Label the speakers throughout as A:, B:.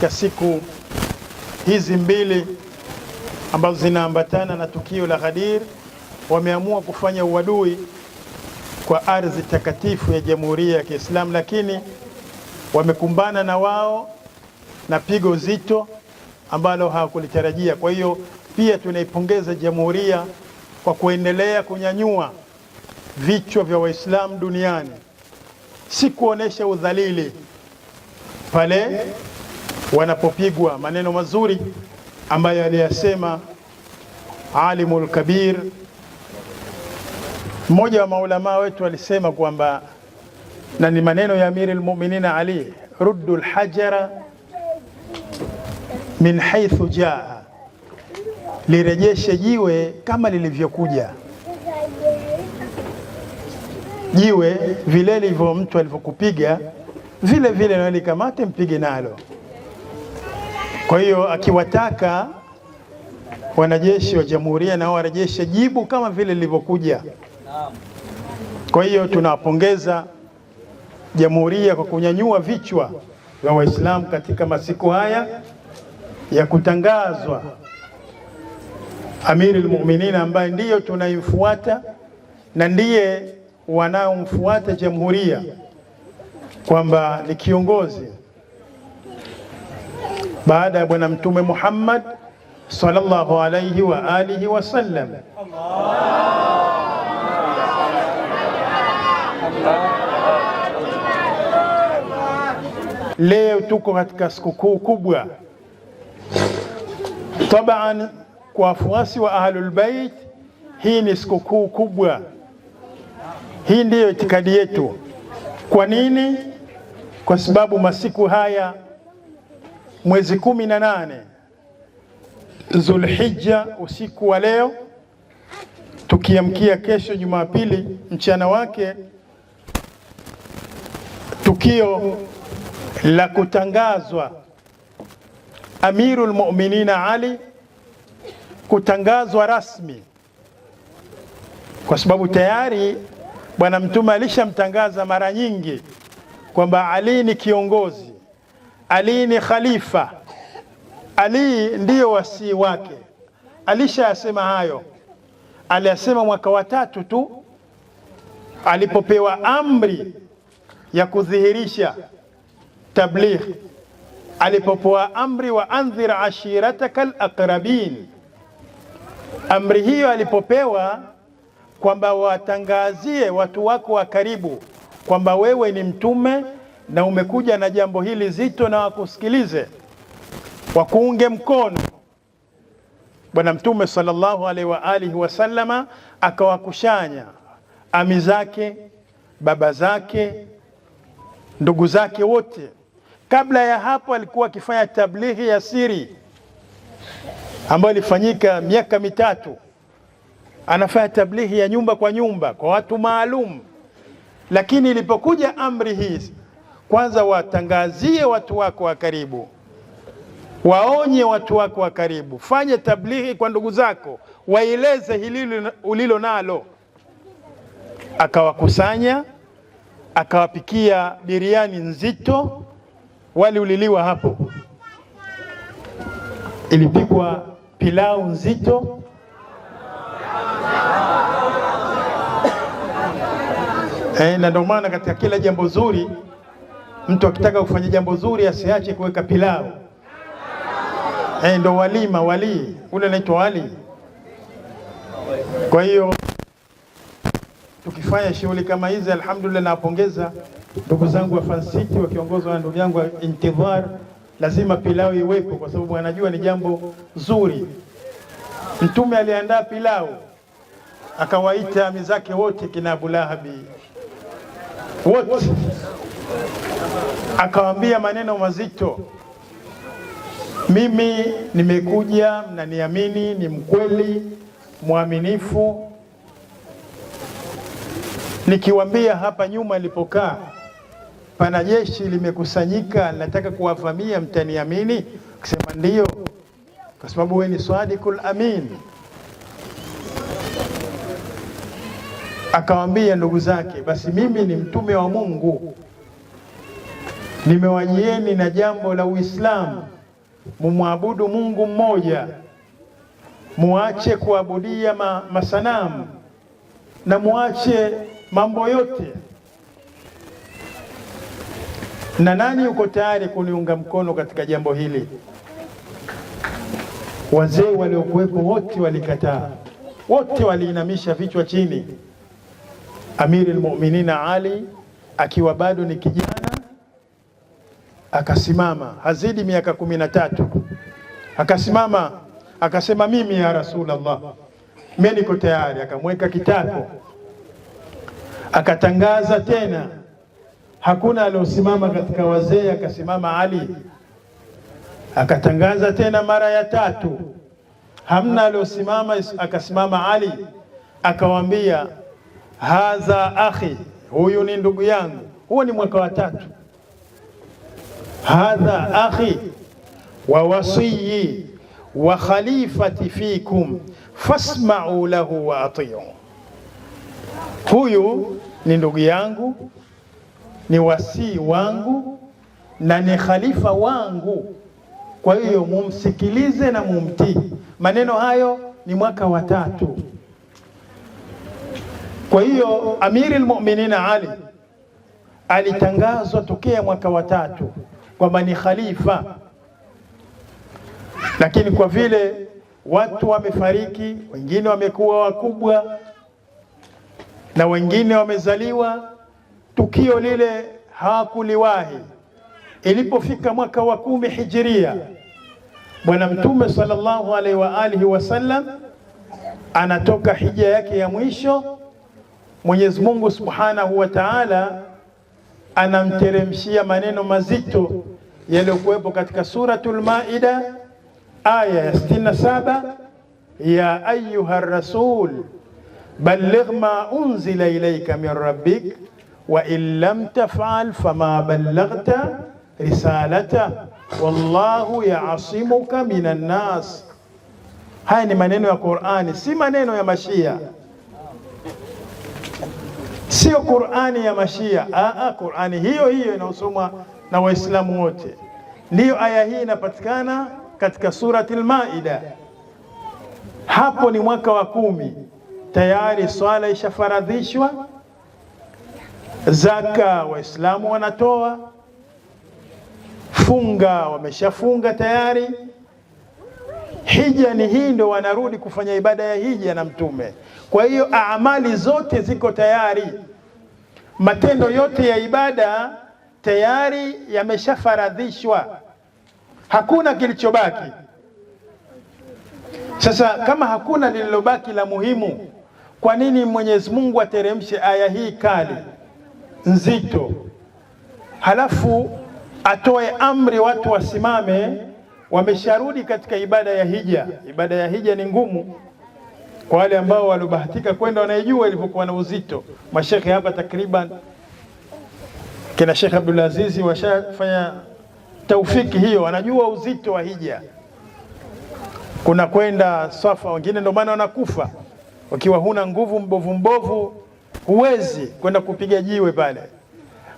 A: katika siku hizi mbili ambazo zinaambatana na tukio la Ghadir wameamua kufanya uadui kwa ardhi takatifu ya Jamhuri ya Kiislamu, lakini wamekumbana na wao na pigo zito ambalo hawakulitarajia. Kwa hiyo pia tunaipongeza jamhuria kwa kuendelea kunyanyua vichwa vya Waislamu duniani, si kuonesha udhalili pale wanapopigwa maneno mazuri ambayo aliyasema alimul kabir. Mmoja wa maulamaa wetu alisema kwamba, na ni maneno ya Amiri lmuminin Ali, ruddu lhajara min haithu jaa, lirejeshe jiwe kama lilivyokuja jiwe vile livyo mtu alivyokupiga vile vile, nalikamate mpige nalo. Kwa hiyo akiwataka wanajeshi wa Jamhuri na warejeshe jibu kama vile lilivyokuja. Kwa hiyo tunawapongeza Jamhuri kwa kunyanyua vichwa vya Waislamu katika masiku haya ya kutangazwa amiri Mu'minin ambaye ndiyo tunayemfuata na ndiye wanaomfuata Jamhuria kwamba ni kiongozi baada ya Bwana Mtume Muhammad sallallahu alayhi wa alihi sallam. Leo tuko katika sikukuu kubwa taban, kwa wafuasi wa Ahlul Bait. Hii ni sikukuu kubwa, hii ndiyo itikadi yetu. Kwa nini? Kwa sababu masiku haya mwezi kumi na nane Zulhijja usiku wa leo tukiamkia kesho Jumapili mchana wake tukio la kutangazwa Amirul Muminina Ali kutangazwa rasmi, kwa sababu tayari Bwana Mtume alishamtangaza mara nyingi kwamba Ali ni kiongozi ali ni khalifa, Ali ndiyo wasii wake. Alishayasema hayo, aliyasema mwaka wa tatu tu alipopewa amri ya kudhihirisha tabligh, alipopewa amri wa andhir ashirataka alaqrabin. Amri hiyo alipopewa kwamba watangazie watu wako wa karibu kwamba wewe ni mtume na umekuja na jambo hili zito na wakusikilize, wakuunge mkono. Bwana Mtume sallallahu alaihi wa alihi wasallama akawakushanya ami zake, baba zake, ndugu zake wote. Kabla ya hapo alikuwa akifanya tablighi ya siri ambayo ilifanyika miaka mitatu. Anafanya tablighi ya nyumba kwa nyumba kwa watu maalum, lakini ilipokuja amri hizi kwanza watangazie watu wako wa karibu, waonye watu wako wa karibu, fanye tablighi kwa ndugu zako, waeleze hili ulilo nalo. Akawakusanya, akawapikia biriani nzito, wali uliliwa hapo, ilipikwa pilau nzito eh, na ndio maana katika kila jambo zuri Mtu akitaka kufanya jambo zuri asiache kuweka pilau eh, ndo walima wali ule anaitwa wali. Kwa hiyo tukifanya shughuli kama hizi, alhamdulillah, nawapongeza ndugu zangu wa Fansiti wakiongozwa na ndugu yangu wa Intidhar, lazima pilau iwepo, kwa sababu anajua ni jambo zuri. Mtume aliandaa pilau akawaita mizake wote kina Lahabi wote akawaambia maneno mazito, mimi nimekuja, mnaniamini, ni mkweli mwaminifu. Nikiwaambia hapa nyuma nilipokaa pana jeshi limekusanyika, nataka kuwavamia, mtaniamini? Akisema ndio, kwa sababu wewe ni swadikul amin. Akawaambia ndugu zake, basi mimi ni mtume wa Mungu nimewajieni na jambo la Uislamu, mumwabudu Mungu mmoja, muache kuabudia ma, masanamu na muache mambo yote. Na nani yuko tayari kuniunga mkono katika jambo hili? Wazee waliokuwepo wote walikataa, wote waliinamisha vichwa chini, Amirul lmuminina Ali akiwa bado ni kijana Akasimama, hazidi miaka kumi na tatu, akasimama akasema, mimi ya Rasulullah, mimi niko tayari. Akamweka kitako, akatangaza tena, hakuna aliosimama katika wazee. Akasimama Ali akatangaza tena mara ya tatu, hamna aliosimama. Akasimama Ali akawambia, hadha akhi, huyu ni ndugu yangu. Huo ni mwaka wa tatu hadha akhi wa wasiyi wa khalifati fikum fasma'u lahu wa ati'u, huyu ni ndugu yangu, ni wasii wangu na ni khalifa wangu, kwa hiyo mumsikilize na mumtii. Maneno hayo ni mwaka wa tatu. Kwa hiyo Amiri lmuminina Ali alitangazwa tokea mwaka wa tatu kwamba ni khalifa, lakini kwa vile watu wamefariki, wengine wamekuwa wakubwa na wengine wamezaliwa, tukio lile hawakuliwahi. Ilipofika mwaka wa kumi hijiria, Bwana Mtume sallallahu alaihi wa alihi wasallam anatoka hija yake ya mwisho. Mwenyezi Mungu subhanahu wa taala anamteremshia maneno mazito yaliyokuwepo katika Suratul Maida aya ya 67 ya ayuha rasul balligh ma unzila ilaika min rabbik wa in lam taf'al fama ballaghta risalata wallahu yaasimuka minan nas. Haya ni maneno ya Qur'ani, si maneno ya Mashia sio Qur'ani ya Mashia. Aa, Qur'ani hiyo hiyo inayosomwa na Waislamu wote. Ndiyo aya hii inapatikana katika surati al-Maida. Hapo ni mwaka wa kumi, tayari swala ishafaradhishwa, zaka Waislamu wanatoa, funga wameshafunga tayari, hija ni hii, ndo wanarudi kufanya ibada ya hija na Mtume kwa hiyo amali zote ziko tayari, matendo yote ya ibada tayari yameshafaradhishwa, hakuna kilichobaki. Sasa kama hakuna lililobaki la muhimu, kwa nini Mwenyezi Mungu ateremshe aya hii kali nzito, halafu atoe amri watu wasimame? Wamesharudi katika ibada ya hija. Ibada ya hija ni ngumu. Kwa wale ambao waliobahatika kwenda wanaijua ilivyokuwa na uzito. Mashekhe hapa takriban kina shekhe Abdul washafanya taufiki hiyo, wanajua uzito wa hija, kuna kwenda Swafa. Wengine ndio maana wanakufa wakiwa huna nguvu, mbovu mbovu, huwezi kwenda kupiga jiwe pale,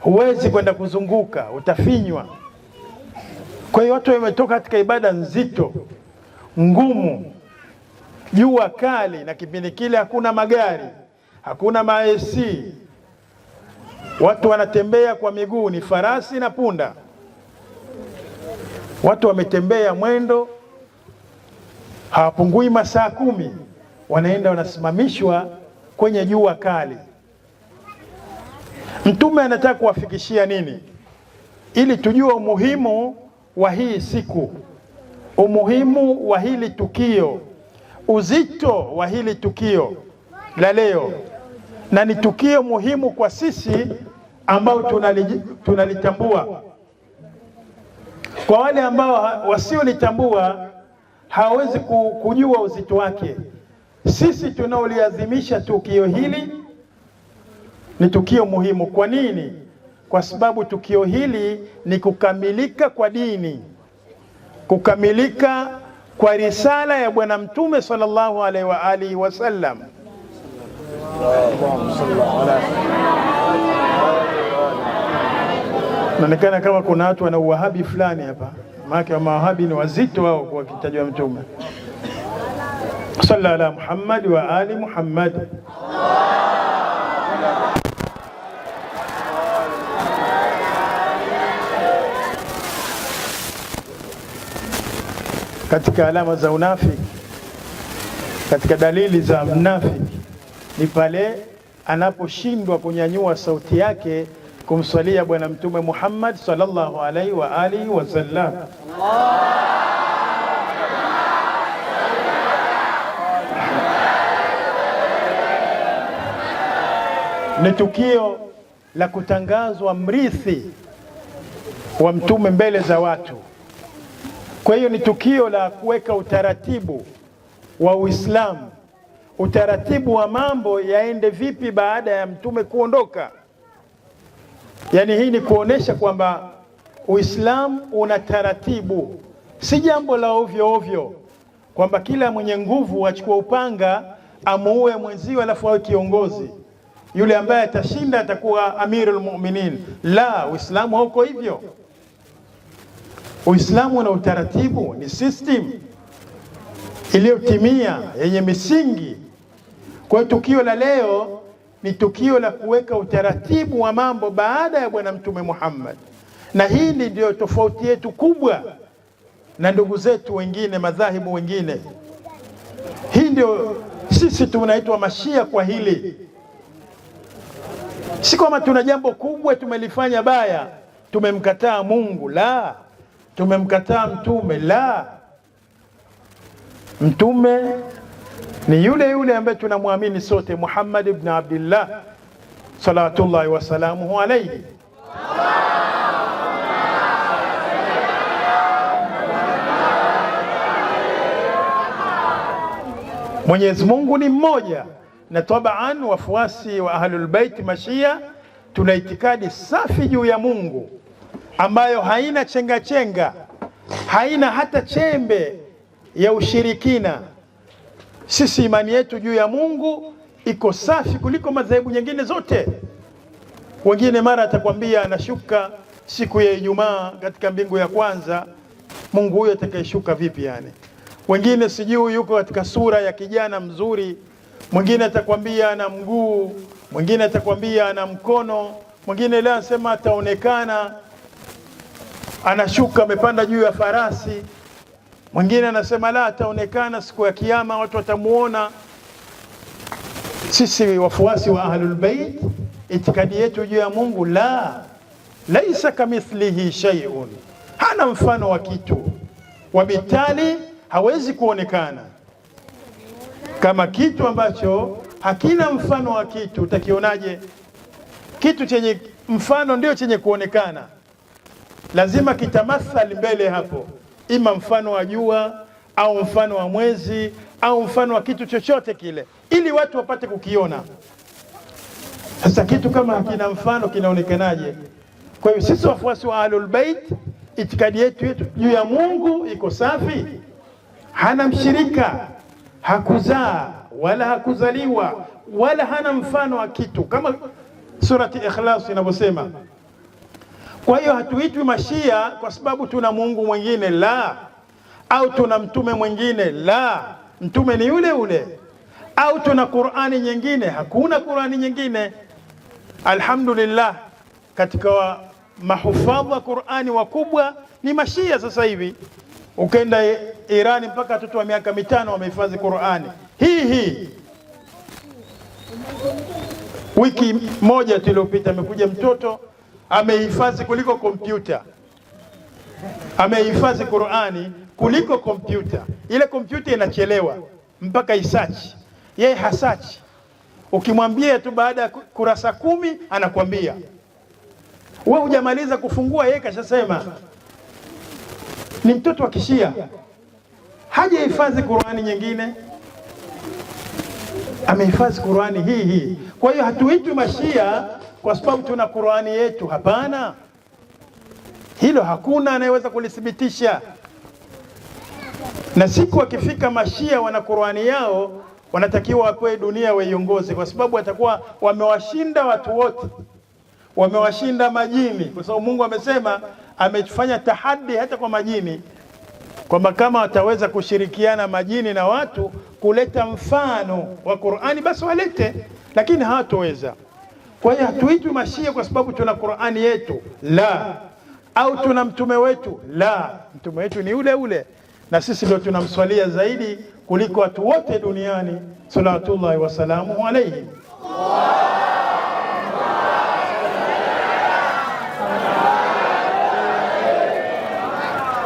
A: huwezi kwenda kuzunguka, utafinywa. Kwa hiyo watu wametoka katika ibada nzito ngumu jua kali, na kipindi kile hakuna magari, hakuna ma-AC, watu wanatembea kwa miguu, ni farasi na punda. Watu wametembea mwendo hawapungui masaa kumi, wanaenda wanasimamishwa kwenye jua kali. Mtume anataka kuwafikishia nini, ili tujue umuhimu wa hii siku, umuhimu wa hili tukio uzito wa hili tukio la leo, na ni tukio muhimu kwa sisi ambao tunalitambua. Kwa wale ambao wasiolitambua hawawezi kujua uzito wake. Sisi tunaoliadhimisha tukio hili ni tukio muhimu. Kwa nini? Kwa sababu tukio hili ni kukamilika kwa dini, kukamilika kwa risala ya Bwana Mtume sallallahu alaihi wa alihi wasallam. Naonekana kama kuna watu wana uwahabi fulani hapa, maana mawahabi ni wazito wao kwa kitabu cha Mtume. Salla ala Muhammad wa ali Muhammad. Katika alama za unafiki, katika dalili za mnafiki ni pale anaposhindwa kunyanyua sauti yake kumswalia Bwana Mtume Muhammad sallallahu alaihi wa alihi wasallam. Ni tukio la kutangazwa mrithi wa mtume mbele za watu. Kwa hiyo ni tukio la kuweka utaratibu wa Uislamu, utaratibu wa mambo yaende vipi baada ya mtume kuondoka. Yaani hii ni kuonesha kwamba Uislamu una taratibu, si jambo la ovyo ovyo, kwamba kila mwenye nguvu achukua upanga amuue mwenziwe alafu awe kiongozi yule ambaye atashinda atakuwa amirul mu'minin. La, Uislamu hauko hivyo. Uislamu na utaratibu ni system iliyotimia yenye misingi. Kwa hiyo tukio la leo ni tukio la kuweka utaratibu wa mambo baada ya Bwana Mtume Muhammad, na hili ndio tofauti yetu kubwa na ndugu zetu wengine madhahibu wengine. Hii ndio sisi tunaitwa mashia kwa hili, si kwamba tuna jambo kubwa tumelifanya baya, tumemkataa Mungu, la tumemkataa mtume? La, mtume ni yule yule ambaye tunamwamini sote, Muhammad ibn Abdullah salatullahi wasalamuhu alaihi. Mwenyezi Mungu ni mmoja, na tabaan wafuasi wa Ahlulbeiti Mashia tuna itikadi safi juu ya Mungu ambayo haina chengachenga -chenga, haina hata chembe ya ushirikina. Sisi imani yetu juu ya Mungu iko safi kuliko madhehebu nyingine zote. Wengine mara atakwambia anashuka siku ya Ijumaa katika mbingu ya kwanza. Mungu huyo atakayeshuka vipi? Yani wengine sijui yuko katika sura ya kijana mzuri, mwingine atakwambia ana mguu, mwingine atakwambia ana mkono, mwingine leo anasema ataonekana anashuka amepanda juu ya farasi. Mwingine anasema la, ataonekana siku ya Kiyama, watu watamuona. Sisi wafuasi wa Ahlul Bait, itikadi yetu juu ya Mungu, la laisa kamithlihi shay'un, hana mfano wa kitu, wabitali hawezi kuonekana kama kitu ambacho hakina mfano wa kitu. Utakionaje kitu chenye mfano? Ndio chenye kuonekana lazima kitamathali mbele hapo, ima mfano wa jua au mfano wa mwezi au mfano wa kitu chochote kile, ili watu wapate kukiona. Sasa kitu kama hakina mfano kinaonekanaje? Kwa hiyo sisi wafuasi wa Ahlul Bait, itikadi yetu yetu juu ya Mungu iko safi, hana mshirika, hakuzaa wala hakuzaliwa wala hana mfano wa kitu, kama surati Ikhlas inavyosema kwa hiyo hatuitwi mashia kwa sababu tuna Mungu mwingine, la, au tuna mtume mwingine, la, mtume ni yule yule, au tuna Qur'ani nyingine? Hakuna Qur'ani nyingine. Alhamdulillah, katika mahufadha Qur'ani wakubwa ni mashia sasa hivi. Ukenda Irani mpaka watoto wa miaka mitano wamehifadhi Qur'ani hii hii. Wiki moja tuliopita amekuja mtoto amehifadhi kuliko kompyuta, amehifadhi Qurani kuliko kompyuta. Ile kompyuta inachelewa mpaka isachi, yeye hasachi. Ukimwambia tu baada ya kurasa kumi anakwambia wewe hujamaliza kufungua, yeye kashasema. Ni mtoto wa Kishia, hajahifadhi Qurani nyingine, amehifadhi Qurani hii hii. Kwa hiyo hatuitwi Mashia kwa sababu tuna Qur'ani yetu. Hapana, hilo hakuna anayeweza kulithibitisha. Na siku wakifika mashia wana Qur'ani yao, wanatakiwa wapewe dunia waiongoze, kwa sababu watakuwa wamewashinda watu wote, wamewashinda majini, kwa sababu Mungu amesema, amefanya tahadi hata kwa majini kwamba kama wataweza kushirikiana majini na watu kuleta mfano wa Qur'ani basi walete, lakini hawatoweza. Kwa hiyo hatuitwi mashia kwa sababu tuna Qur'ani yetu, la, au tuna mtume wetu, la. Mtume wetu ni ule ule, na sisi ndio tunamswalia zaidi kuliko watu wote duniani, salawatullahi wasalamu alaihi.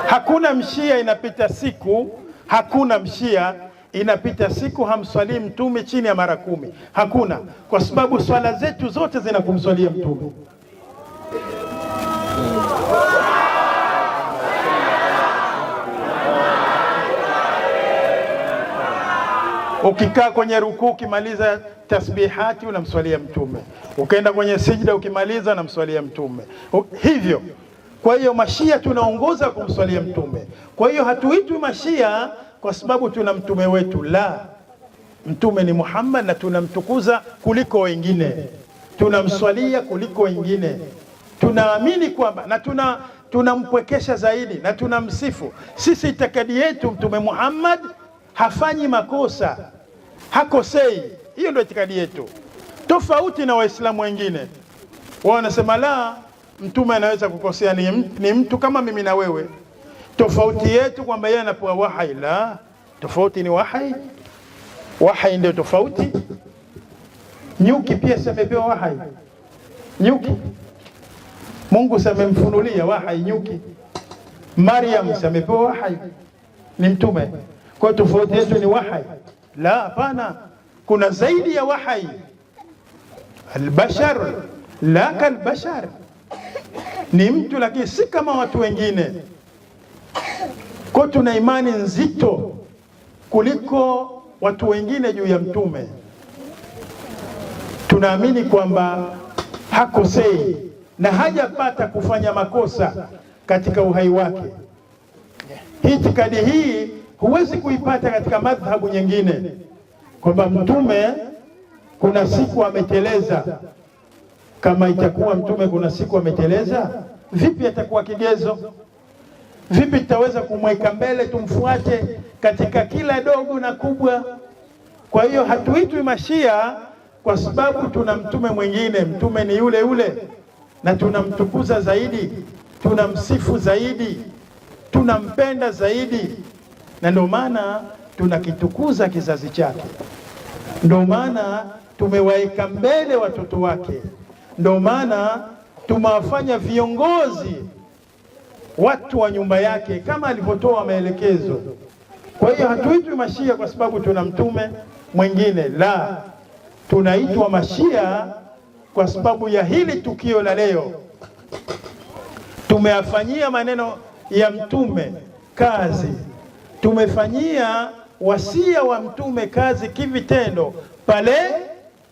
A: Hakuna mshia inapita siku, hakuna mshia inapita siku hamswalii mtume chini ya mara kumi. Hakuna, kwa sababu swala zetu zote zina kumswalia mtume. Ukikaa kwenye rukuu ukimaliza tasbihati unamswalia mtume, ukaenda kwenye sijda ukimaliza unamswalia mtume, hivyo kwa hiyo mashia tunaongoza kumswalia mtume. Kwa hiyo hatuitwi mashia kwa sababu tuna mtume wetu. La, mtume ni Muhammad na tunamtukuza kuliko wengine, tunamswalia kuliko wengine, tunaamini kwamba na tuna tunampwekesha zaidi na tunamsifu. Sisi itikadi yetu mtume Muhammad hafanyi makosa, hakosei. Hiyo ndio itikadi yetu, tofauti na Waislamu wengine. Wao wanasema la, mtume anaweza kukosea, ni mtu kama mimi na wewe tofauti yetu kwamba yeye anapewa wahai. La, tofauti ni wahai, wahai ndio tofauti. Nyuki pia siamepewa wahai? Nyuki Mungu siamemfunulia wahai? Nyuki Maryam siamepewa wahai? Ni mtume. Kwa tofauti yetu ni wahai? La, hapana, kuna zaidi ya wahai. Albashar la kalbashar, ni mtu lakini si kama watu wengine. Kwa tuna imani nzito kuliko watu wengine juu ya Mtume. Tunaamini kwamba hakosei na hajapata kufanya makosa katika uhai wake. Itikadi hii huwezi kuipata katika madhhabu nyingine, kwamba Mtume kuna siku ameteleza. Kama itakuwa Mtume kuna siku ameteleza, vipi atakuwa kigezo? Vipi tutaweza kumweka mbele, tumfuate katika kila dogo na kubwa? Kwa hiyo hatuitwi mashia kwa sababu tuna mtume mwingine. Mtume ni yule yule, na tunamtukuza zaidi, tunamsifu zaidi, tunampenda zaidi, na ndio maana tunakitukuza kizazi chake, ndio maana tumewaeka mbele watoto wake, ndio maana tumewafanya viongozi watu wa nyumba yake kama alivyotoa maelekezo. Kwa hiyo hatuitwi mashia kwa sababu tuna mtume mwingine, la, tunaitwa mashia kwa sababu ya hili tukio la leo. Tumeyafanyia maneno ya mtume kazi, tumefanyia wasia wa mtume kazi kivitendo, pale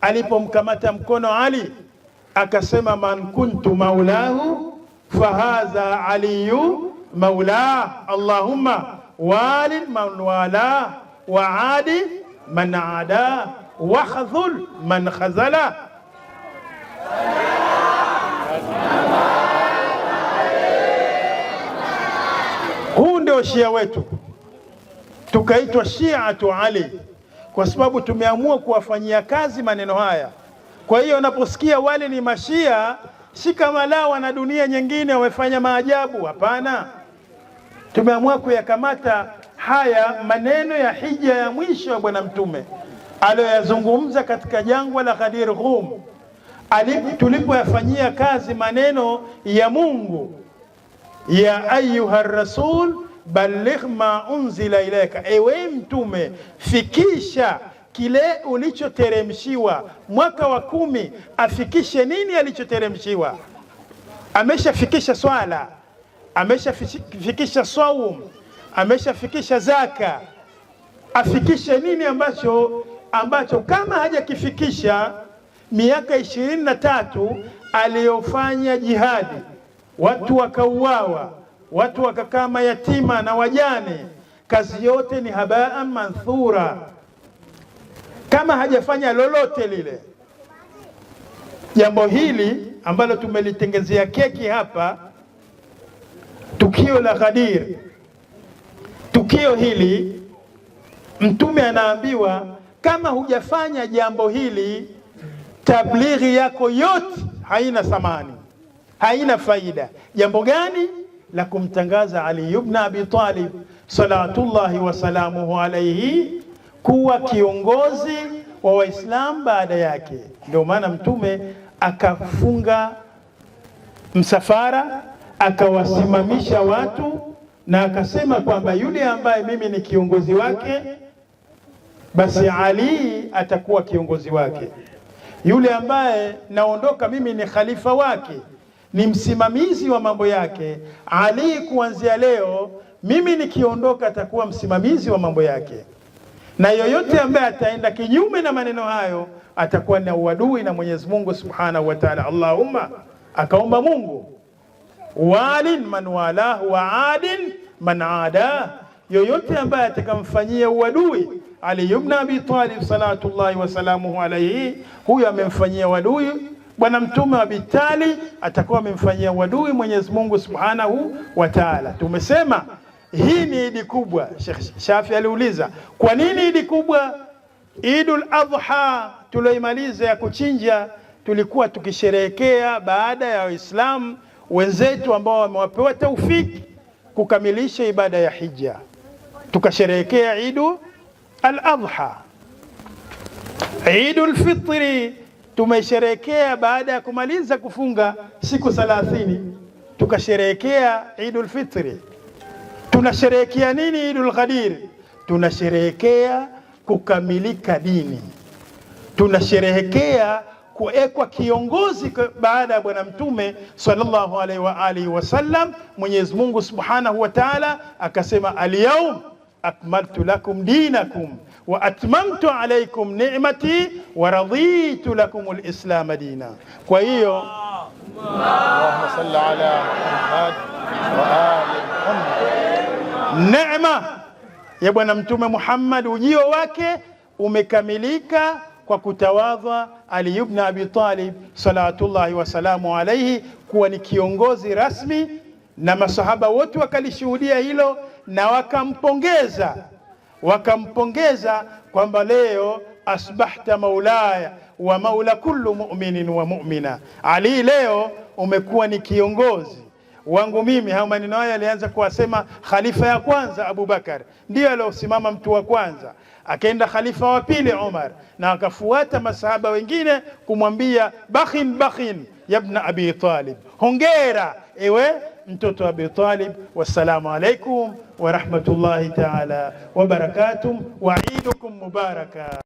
A: alipomkamata mkono Ali akasema, man kuntu maulahu fahadha aliyu maula allahumma wali man wala wa adi man ada wa khadhul man khazala huu ndio shia wetu, tukaitwa shiatu Ali kwa sababu tumeamua kuwafanyia kazi maneno haya. Kwa hiyo unaposikia wale ni mashia si kama la wana dunia nyingine wamefanya maajabu. Hapana, tumeamua kuyakamata haya maneno ya hija ya mwisho ya Bwana Mtume aliyoyazungumza katika jangwa la Ghadir ghum tulipoyafanyia kazi maneno ya Mungu ya ayuha rasul balligh ma unzila ilaika, ewe Mtume, fikisha kile ulichoteremshiwa mwaka wa kumi, afikishe nini alichoteremshiwa. Ameshafikisha swala, ameshafikisha saum, ameshafikisha zaka, afikishe nini ambacho ambacho kama hajakifikisha miaka ishirini na tatu aliyofanya jihadi, watu wakauawa, watu wakakaa mayatima na wajane, kazi yote ni habaa manthura kama hajafanya lolote lile. Jambo hili ambalo tumelitengezea keki hapa, tukio la Ghadir, tukio hili Mtume anaambiwa kama hujafanya jambo hili, tablighi yako yote haina thamani, haina faida. Jambo gani? La kumtangaza Ali ibn Abi Talib salawatullahi wasalamuhu alaihi kuwa kiongozi wa Waislamu baada yake. Ndio maana Mtume akafunga msafara, akawasimamisha watu na akasema kwamba yule ambaye mimi ni kiongozi wake, basi Ali atakuwa kiongozi wake. Yule ambaye naondoka mimi ni khalifa wake, ni msimamizi wa mambo yake. Ali kuanzia leo mimi nikiondoka, atakuwa msimamizi wa mambo yake na yoyote ambaye ataenda kinyume na maneno hayo atakuwa na uadui na Mwenyezi Mungu Subhanahu wa Ta'ala. Allahumma, akaomba Mungu walin man walahu wa adin man ada, yoyote ambaye atakamfanyia uadui Ali ibn Abi Talib salatullahi wasalamuhu alaihi, huyo amemfanyia wadui Bwana Mtume wa bitali, atakuwa amemfanyia wadui Mwenyezi Mungu Subhanahu wa Ta'ala. Tumesema hii ni idi kubwa. Sheikh Shafi aliuliza kwa nini idi kubwa? Idul Adha tulioimaliza ya kuchinja tulikuwa tukisherehekea baada ya Waislamu wenzetu ambao wamewapewa taufiki kukamilisha ibada ya hija, tukasherehekea Idu al-Adha. Idul Fitri tumesherehekea baada ya kumaliza kufunga siku 30 tukasherehekea Idul Fitri. Tunasherehekea nini Idul Ghadir? Tunasherehekea kukamilika dini, tunasherehekea kuwekwa kiongozi baada ya Bwana Mtume sallallahu alaihi wa alihi wasallam. Mwenyezi Mungu subhanahu wa taala akasema, alyaum akmaltu lakum dinakum wa atmamtu alaikum ni'mati wa raditu lakum alislama dina. Kwa hiyo Allahumma salli ala Muhammad wa ali Muhammad Neema ya Bwana Mtume Muhammad, ujio wake umekamilika kwa kutawadha Ali ibn Abi Talib salawatullahi wasalamu alaihi kuwa ni kiongozi rasmi, na masahaba wote wakalishuhudia hilo na wakampongeza, wakampongeza kwamba leo asbahta maulaya wa maula kullu mu'minin wa mu'mina, Ali, leo umekuwa ni kiongozi wangu mimi. Hayo maneno hayo alianza kuwasema khalifa ya kwanza Abu Bakar, ndiyo aliosimama mtu wa kwanza. Akaenda khalifa wa pili Omar, na akafuata masahaba wengine kumwambia bakhin bakhin yabna abi Talib, hongera ewe mtoto wa Abi Talib. Wassalamu alaikum wa rahmatullahi ta'ala wa barakatuh wa idukum mubaraka.